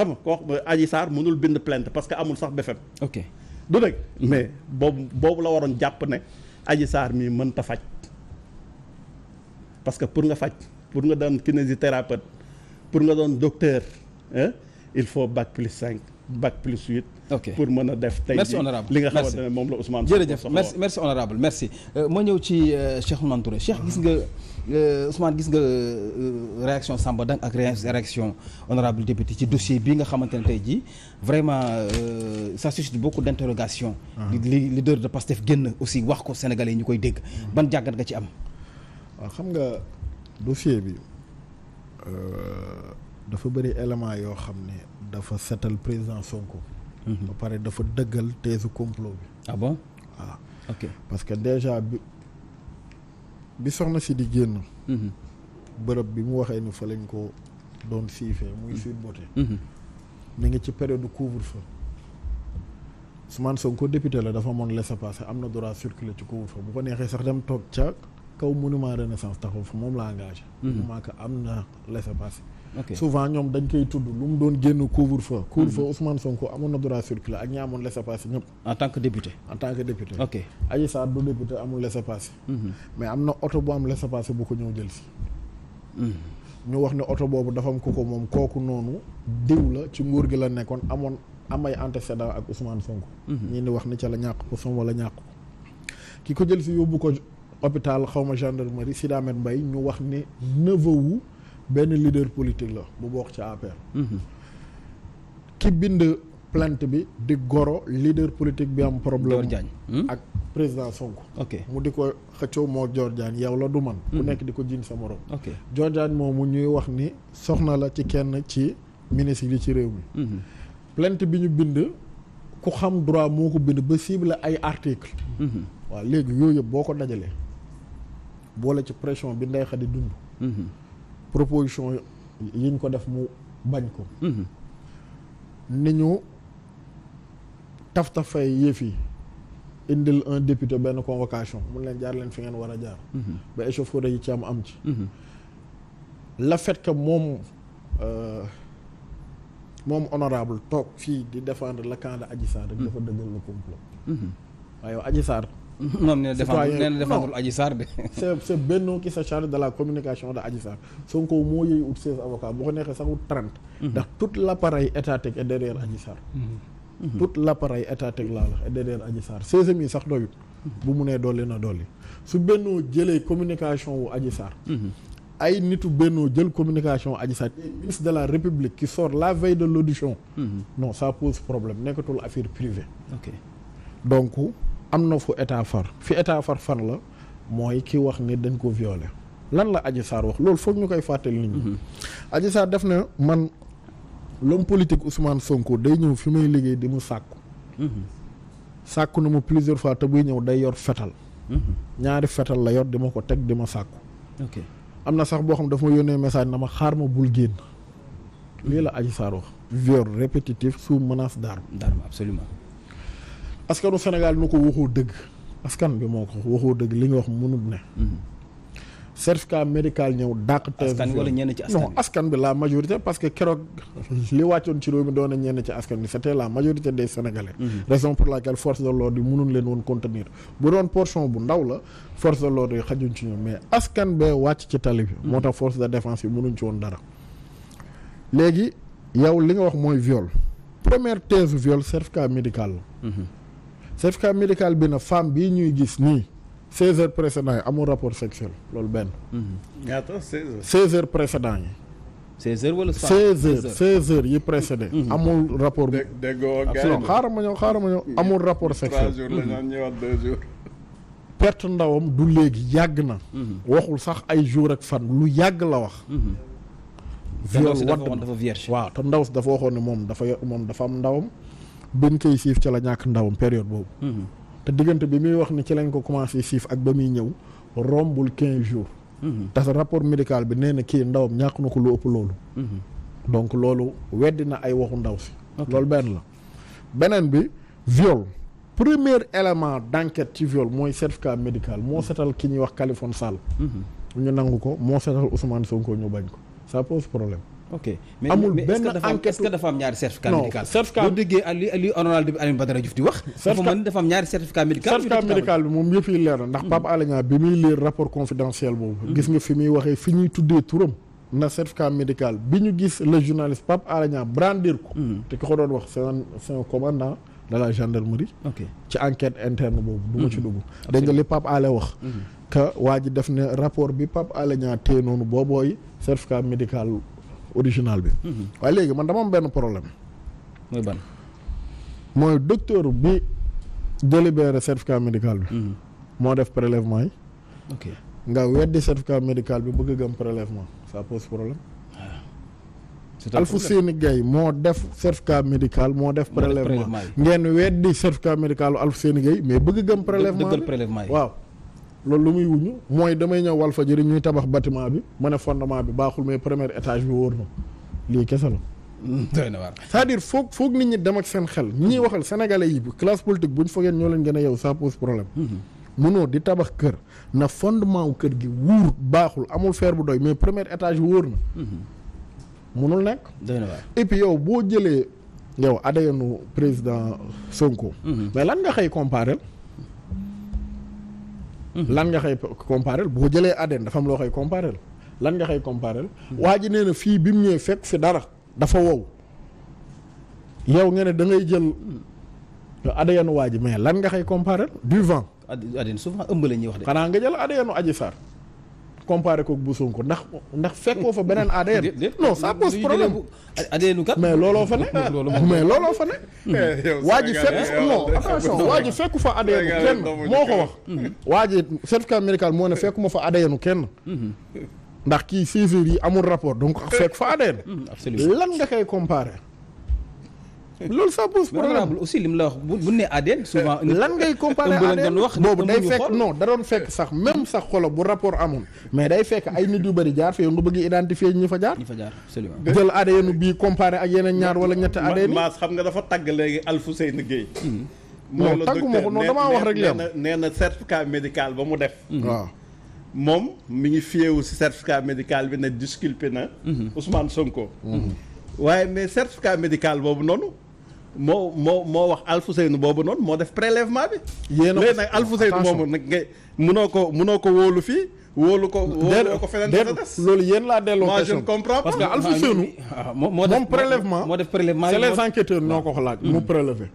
xam nga koo Adji Sarr mënul bind plainte parce que amul sax BFM ok du dëgg mais boobu boobu la waroon jàpp ne Adji Sarr mii mënta faj parce que pour nga faj pour nga doon kinésithérapeute pour nga doon docteur il faut bac plus cinq bac plus huit ok pour mën a def tey merci honorable li nga xamante ne moom la Ousmane jërëjëf merci merci honorable merci euh, ma ñëw ci euh, Cheikh Ousmane Touré Cheikh gis nga euh, Ousmane gis nga réaction Samba Dang ak réaction honorable député ci dossier bi nga xamante ne tey jii vraiment ça suscite beaucoup d'interrogations ah. li leader de Pastef génn aussi wax ko sénégalais yi ñu koy dégg mm-hmm. ban jàngat nga ci am waaw ah, xam nga dossier bi dafa bëri élément yoo xam ne dafa setal président Sonko. Mhm. ba pare dafa dëggal teesu complot bi. ah bon waaw. parce que déjà bi bi soxna si di génn. Mhm. bërëb bi mu waxee ni fa lañ ko doon siifee mhm. muy Sweet Beauté. mi ngi ci période couvre-feu. Ousmane Sonko député la dafa moon laissez-passer am na droit circuler ci couvre-feu bu ko neexee sax dem toog ca kaw monument Renaissance taxaw fa moom la engagé. moment que am na laissez-passer. souvent ñoom dañ koy tudd lu mu doon génn couvre feu mhm. couvre feu Ousmane Sonko amoon na droit circuler ak ñi amoon laissez-passer ñëpp en tant que député en tant que du député amul laissez-passer mhm. mais am na oto bu am laissez-passer bu ko ñëw jël si mhm. ñu wax ne oto boobu dafa am ku ko moom kooku noonu diw la ci nguur gi la nekkoon amoon amay antécédent ak Ousmane Sonko ñii ni wax ni ca la ñàkk ko som wala ñàkk ko ki ko jël si yóbbu ko hôpital xawma gendarmerie Sida Ahmed Mbaye ñu wax ni neveu wu benn leader politique la bu bokk ci APR. Mhm. ki bind plant bi di goro leader politique bi am problème. Hmm? ak président Sonko. ok mu di ko xëccoo moo Dior Diagne yow la du man. ku hmm. nekk di ko jiiñ sa morom. ok Dior Diagne moomu ñuy wax ni soxna la ci kenn ci ministre yi ci réew mi. Mhm. plainte bi ñu bind. ku xam droit moo ko bind ba cible ay article mhm. waaw léegi yooyu boo ko dajalee boole ci pression bi ndey xa dund proposition yiñ ko def mu bañ ko mhm. ni ñu taftafay yëf yi indil un député benn convocation mun leen jaar leen fi ngeen war a jaar mhm. ba échauffourée yi ci am am ci mhm. le fait que moom euh, moom honorable toog fii di défendre le camp de Adji Sarr rek dafa dëggal le complot waaye yow Adji Sarr moom nee na défendre nee de. c' est c' est charge de la communication de Adji Sarr Sonko moo yëy ut seize avocats boo ko neexee sax ut mhm. ndax tout l' appareil étatique est derrière Adji Sarr. Mhm. Mhm. tout étatique laa la est derrière seize mi sax doyut. bu mu nee dolli na dolli su Benno jëlee communication wu Adji ay nitu Benno jël communication Adji Sarr ministre de la République qui sort la veille de l'audition mm -hmm. non ça pose problème nekkatul affaire privée am na fu état far fi état far far la mooy ki wax ni dañ ko violé lan la Adji Sarr wax loolu foog ñu koy fàttali nit ñi. Mm-hmm. Adji Sarr def na man l'homme politique Ousmane Sonko day ñëw fi may liggéey di mu sàkku. Mm-hmm. sàkku na mu plusieurs fois te buy ñëw day yor fetal. Mm-hmm. ñaari fetal la yor di ma ko teg di ma sàkku. am na sax boo xam dafa ma yónnee message na ma xaar ma bul génn. lii la Adji Sarr wax. viol répétitif sous menace d'arme. askanu Sénégal nu ko waxoo dëgg askan bi moo ko waxoo dëgg li nga wax mënul ne. Mhm. certificat médical ñëw dàq. askan wala ñenn ci askan non askan bi la majorité parce que keroog li wàccoon ci réew mi doon a ñenn ci askan bi c'était la majorité des sénégalais. Mhm. raison pour laquelle force de l'ordre yi mënuñ leen woon contenir bu doon portion bu ndaw la force de l'ordre yi xajuñ ci ñoom mais askan bee wàcc ci tali bi. Mhm. moo tax force de défense yi mënuñ ci woon dara. léegi li nga wax mooy viol première thèse viol médical certificat médical bi na femme bii ñuy gis nii seize heures précédent yi amul rapport sexuel loolu benn. ñaata mhm. seize heures. seize heures précédent yi. seize wala seize heures seize heures yi précédé. Mhm. Mhm. amul rapport. dé déggoo xaaral ma ñëw xaaral ma ñëw amul rapport sexuel. perte ndawam du léegi yàgg na. waxul sax ay jour ak fan lu yàgg la wax. viol wadd dafa vierge waaw te ndaw si dafa waxoon ne moom dafa moom dafa am ndawam. bañ koy siif ci la ñàkk ndawam période boobu. Mhm. te diggante bi muy wax ni ci lañ ko commencé siif ak ba muy ñëw rombul quinze jours. Mhm. te sa rapport médical bi nee na kii ndawam ñàkk na ko lu ëpp loolu. Mhm. donc loolu weddi na ay waxu ndaw si. loolu benn la beneen bi viol. premier élément d'enquête ci viol mooy certificat médical moo setal ki ñuy wax Khaliphone Sall. ñu nangu ko moo setal Ousmane Sonko ñu bañ ko sa pose problème. ok mais amul benn enquête est-ce que dafa am ñaari certificat médical certificat boo déggee li li honorable bi Alioune Badara Diouf di wax dafa fi ñuy tuddee turam na certificat médical bi ñu gis le journaliste Pape Alé hmm. ko doon wax c'est un c'est un commandant de la gendarmerie ci enquête interne boobu du ma ci hmm. dugg dégg nga li Pape Alé wax hmm. que waa ji def ne rapport bi Pape Alé Niang noonu boobooy certificat médical original bi. Mhm. waaye léegi man dama am benn problème. mooy ban. docteur bi délibéré certificat médical bi. Mhm. moo def prélèvement yi. ok nga weddi certificat médical bi bëgg gëm prélèvement ça pose problème. Ah. Alfousseyni Gaye moo def certificat médical moo def prélèvement ngeen weddi certificat médical Alfousseyni Gaye mais bëgg gëm prélèvement waaw loolu lu muy wuñu mooy damay ñëw Walfadjri ñuy tabax bâtiment bi ma ne fondement bi baaxul mais première étage bi wóor na lii kese la. doy na waar cest dire foog foog nit ñi dem ak seen xel. ñi ñuy waxal sénégalais yi classe politique bu foogee ñoo leen gën a yow ça pose problème. mënoo mhm. di tabax kër na fondement kër gi wuur baaxul amul fer bu doy mais premier étage bi wóor na. mënul mhm. nekk. doy na yow boo jëlee yow adayanu président Sonko. Mhm. mais lan nga xëy comparé. Mm-hmm. lan nga xëy comparer boo jëlee ADN dafa am loo xëy comparer lan nga xëy comparel mm-hmm. waa ji nee na fii bi mu ñëwee fekk fi dara dafa wow yow nga ne da ngay jël ADN waa ji mais lan nga xëy comparer du vent. ADN souvent ëmb la ñuy wax de. xanaa nga jël ADN aji sar comparé ko bu ko ndax ndax fekkoo fa beneen ADN. non ça pose problème. mais looloo fa ne. mais looloo fa ne. Hmm. Eh, waa ji fekk non attention waa ji fekku fa ADN kenn moo ko wax. Hmm. waa ji certificat médical moo ne fekkuma fa ADN kenn. Hmm. ndax kii sévère yi amul rapport donc fekk fa ADN. lan nga koy comparé. loolu ça pose problème aussi lim la wax bu bu nee ADN souvent. lan ngay comparer ADN wax boobu day fekk non da doon fekk sax même sax xolo bu rapport amoon mais day fekk ay nit yu bari jaar fii nga bëgg identifier ñi fa jaar. ñi fa jaar absolument. jël ADN bii comparé ak yeneen ñaar wala ñetti ADN. maas xam nga dafa tagg léegi Alfousseyni Gueye. Hmm. moom la docteur non damaa wax rek nee na nee na certificat médical ba mu def. waaw. Hmm. Hmm. moom mi ngi fiyewu ci certificat médical bi ne disculpé na. Ousmane Sonko. waaye mais certificat médical boobu noonu. moo moo moo wax Alfousseynou boobu noonu moo def prélèvement bi. yéen a ko nag Alfousseynou moomu nag ngay munoo ko munoo ko wóolu fii. wóolu ko wóolu ko feneen des loolu yéen laa delloo question moi je parce que Alfousseynou. Ah, moom prélèvement moo def prélèvement c'est les enquêteurs ñoo ko laaj. mu hmm. prélever.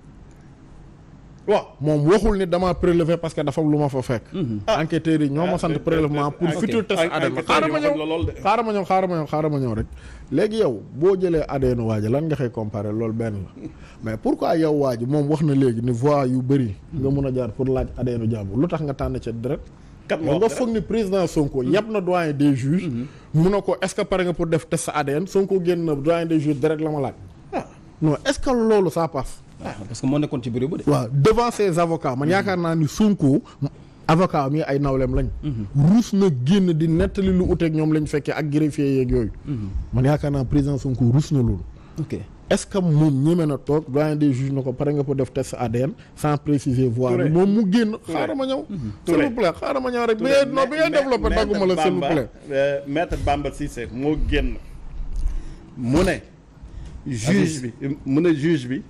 waaw moom waxul ni damaa prélever parce que dafa lu ma fa fekk. Mhm. Ah, enquêteurs yi ñoo ma sant ah, prélèvement pour futur test ADN. xaaral ma ñëw xaaral ma ñëw xaaral ma ñëw xaaral ma ñëw rek. léegi yow boo jëlee ADN waa ji lan nga xëy comparer loolu benn la mais pourquoi yow waa ji moom wax na léegi ni voie yu bëri. nga mun a jaar pour laaj ADN jàmbur lu tax nga tànn ca deret. kat nga foog ni président Sonko yàpp na doyen des juges. Mhm. mun na ko est ce que pare nga pour def test ADN Sonko génn na doyen des juges deret la ma ah. loolu ça passe. Ah, parce que moo nekkoon ci bureau waaw devant ses avocats man mm-hmm. yaakaar naa ni Sonko avocat mi ay nawleem lañ. Mm-hmm. ruus na génn di nettali lu uteeg ñoom lañ fekkee ak greffier yeeg yooyu. Mm-hmm. man yaakaar naa président Sonko ruus na loolu. ok est-ce que moom ñeme na toog doyen des juges na ko pare nga ko def test ADN sans préciser voie bi moom mu génn. xaaral ma ñëw. s'il xaaral ma ñëw rek. bi ngay non bi ngay développé dagguma la s'il euh, moo génn. mu ne. Ah, juge bi mu ne juge bi.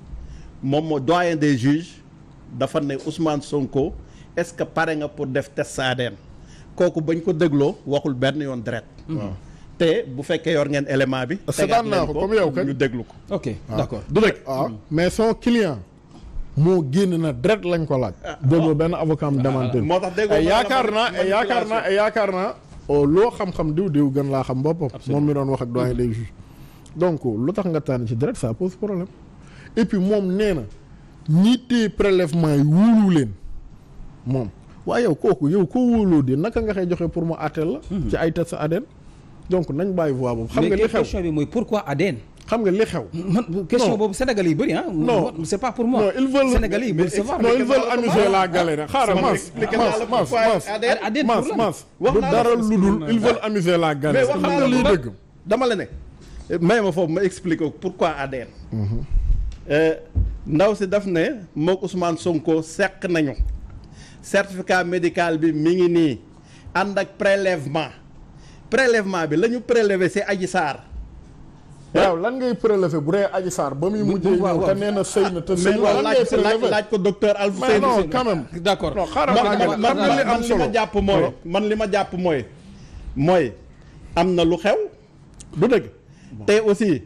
moom moo doyen des juges dafa ne Ousmane Sonko est-ce que pare nga pour def test ADN kooku bañ ko dégloo waxul benn yoon deret te bu fekkee yor ngeen élément bi. seetaan naa ko comme yow ñu déglu ko. ok ah. d'accord du rek ah, mais son client. moo génn na deret lañ ko laaj. Ah. déggoo benn avocat am demante moo tax déggoo yaakaar naa yaakaar naa yaakaar oh, naa. loo xam-xam diw diw gën laa xam boppam. moom mi doon wax ak doyen des juges. donc lu tax nga tànn ci deret ça pose problème. et puis moom nee na ñi téye prélèvement yi wóolu leen moom waaye yow kooku yow koo wóoloo de naka nga koy joxe pour mu àtteel la. Mhm. ci ay test ADN. donc nañ bàyyi voie boobu. xam nga li xew mais question bi mooy pourquoi xam nga li xew. man question boobu Sénégal yi bëri ah. non c'est pas pour moi. non ils veulent Sénégal yi bëri non ils veulent amuser la galère. xaaral mas mas mas dara lu dul ils veulent amuser la galère. mais wax dëgg dama la ne. may ma foofu ma pour quoi ADN. Mhm. ndaw si daf ne mook Ousmane Sonko seq nañu certificat médical bi mi ngi nii ànd ak prélèvement prélèvement bi la ñu prélevé c'est Adji Sarr waaw lan ngay prélevé bu dee Adji Sarr ba muy mujjee ñëw te nee na sëy na te sëy na laaj ko docteur Alf Seyni non quand même d'accord man man man li ma jàpp mooy man li ma jàpp mooy mooy am na lu xew du dëgg te aussi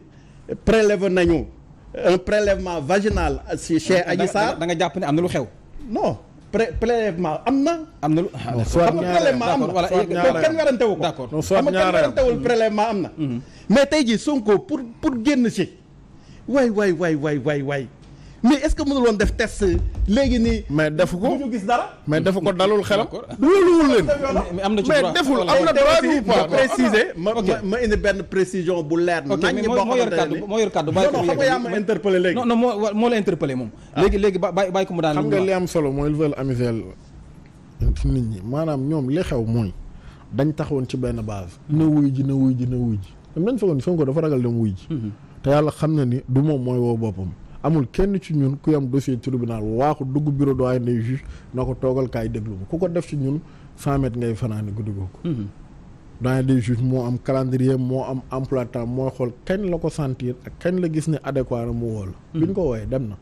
prélevé nañu un vaginal euh, si ah, chez Adji Sarr da nga jàpp ne am na lu xew non prélèvement am na. am na lu ah, xam nga prélèvement am na loolu kenn werantewu ko. d'accord kenn werantewul mm-hmm. prélèvement am na. Mm-hmm. mais tey jii Sonko pour pour génn si. way way way way waay waay. mais est-ce que mënul woon def test léegi nii. mais defu ko ñu gis mais defu ko dalul xelam. wóoluwul leen. mais am na ci droit mais ma ma précision bu leer. naññi boo xamante ne nii moo yor kàddu moo yor kàddu. bàyyi ko moo moo la interpellé moom. Ah. léegi léegi bàyyi ko mu daan. xam li solo mooy ils veulent amuser nit ñi maanaam ñoom li xew mooy dañ taxawoon ci benn base. na wuy ji na wuy ji na wuy ji. même nañ fekkoon Sonko dafa ragal dem wuy ji. Mhm. te yàlla xam na ni du moom mooy woo boppam amul kenn ci ñun ku yam dossier tribunal waaxu dugg bureau doyen des juges na ko toogal kaay déglu ko ku ko def ci ñun cent mètres ngay fanaane guddi googu doyen mhm. des juges moo am calendrier moo am emploi mooy xool kañ la ko sentir ak kañ la gis ne adéquat na mu woo la bi ñu ko wooyee dem na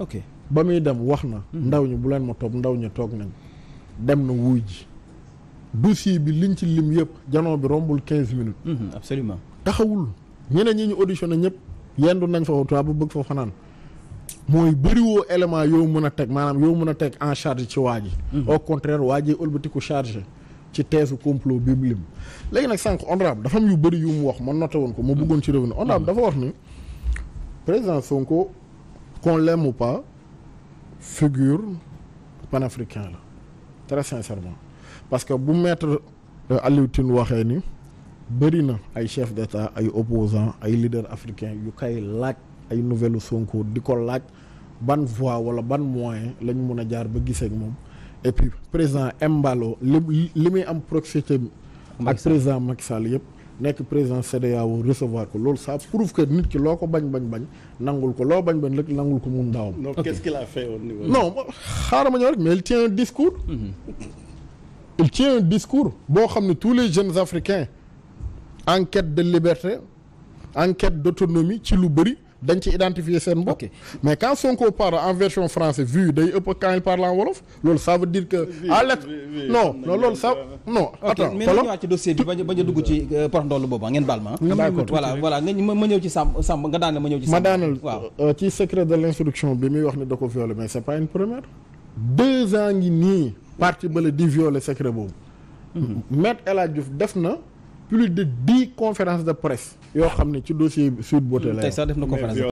ok ba muy dem wax na mhm. ndaw ñi bu leen ma toog ndaw ñi toog nañ dem na wuy ji dossier bi liñ ci lim yëpp janoo bi rombul quinze minutes mhm, absolument taxawul ñeneen ñi ñu audition na ñëpp yendu nañ fa tubaab bu bëgg fa fanaan mooy bëriwoo élément yow mën a teg maanaam yow mën a teg en charge ci waa ji mhm. au contraire waa ji ëlbatiku chargé ci teesu complot bi mu lim léegi nag sànq honorable dafa am yu bëri yu mu wax ma noté woon ko mu bëggoon ci revenir honorable mhm. dafa wax ni président Sonko qu'on l'aime ou pas figure panafricain la très sincèrement parce que bu maître euh, Aliou Tine waxee ni bëri na ay chef d'état ay opposant ay leader africain yu koy laaj ay nouvelle Sonko di ko laaj ban voie wala ban moyen la ñu mun a jaar ba gisee ak moom et puis président Embalo li li muy am proximité ak président Macky Sall yëpp nekk président CEDEAO recevoir ko loolu sa prouve que nit ki loo ko bañ bañ bañ nangul ko loo bañ bañ rek nangul ko mun daawam. non qu'est-ce qu'il a xaaral ma ñëw rek mais il tient un discours. Mhm. il tient un discours boo xam ne tous les jeunes africains. en de liberté en quête d'autonomie ci lu bëri dañ ci identifier seen bopp. mais quand Sonko parle en version française vu day ëpp quand il parle en wolof loolu ça veut dire que. à l'être non non loolu ça non. attends mais nañu ñëwaat ci dossier bi bañ a dugg ci euh, porox ndoll booba ngeen baal ma. d'accord voilà voilà nga ma ñëw ci sàmm sàmm nga daaneel ma ñëw ci. sàmm ma daaneel euh, ci secret de l'instruction bi muy wax ne da ko violé mais c'est pas une première. deux ans ngi nii. parti bële di violé secret boobu. Mhm. maître El Hadj Diouf def na. plus de dix conférences de presse yoo xam ne ci dossier bi Sweet Beauté la tey sax def na conférence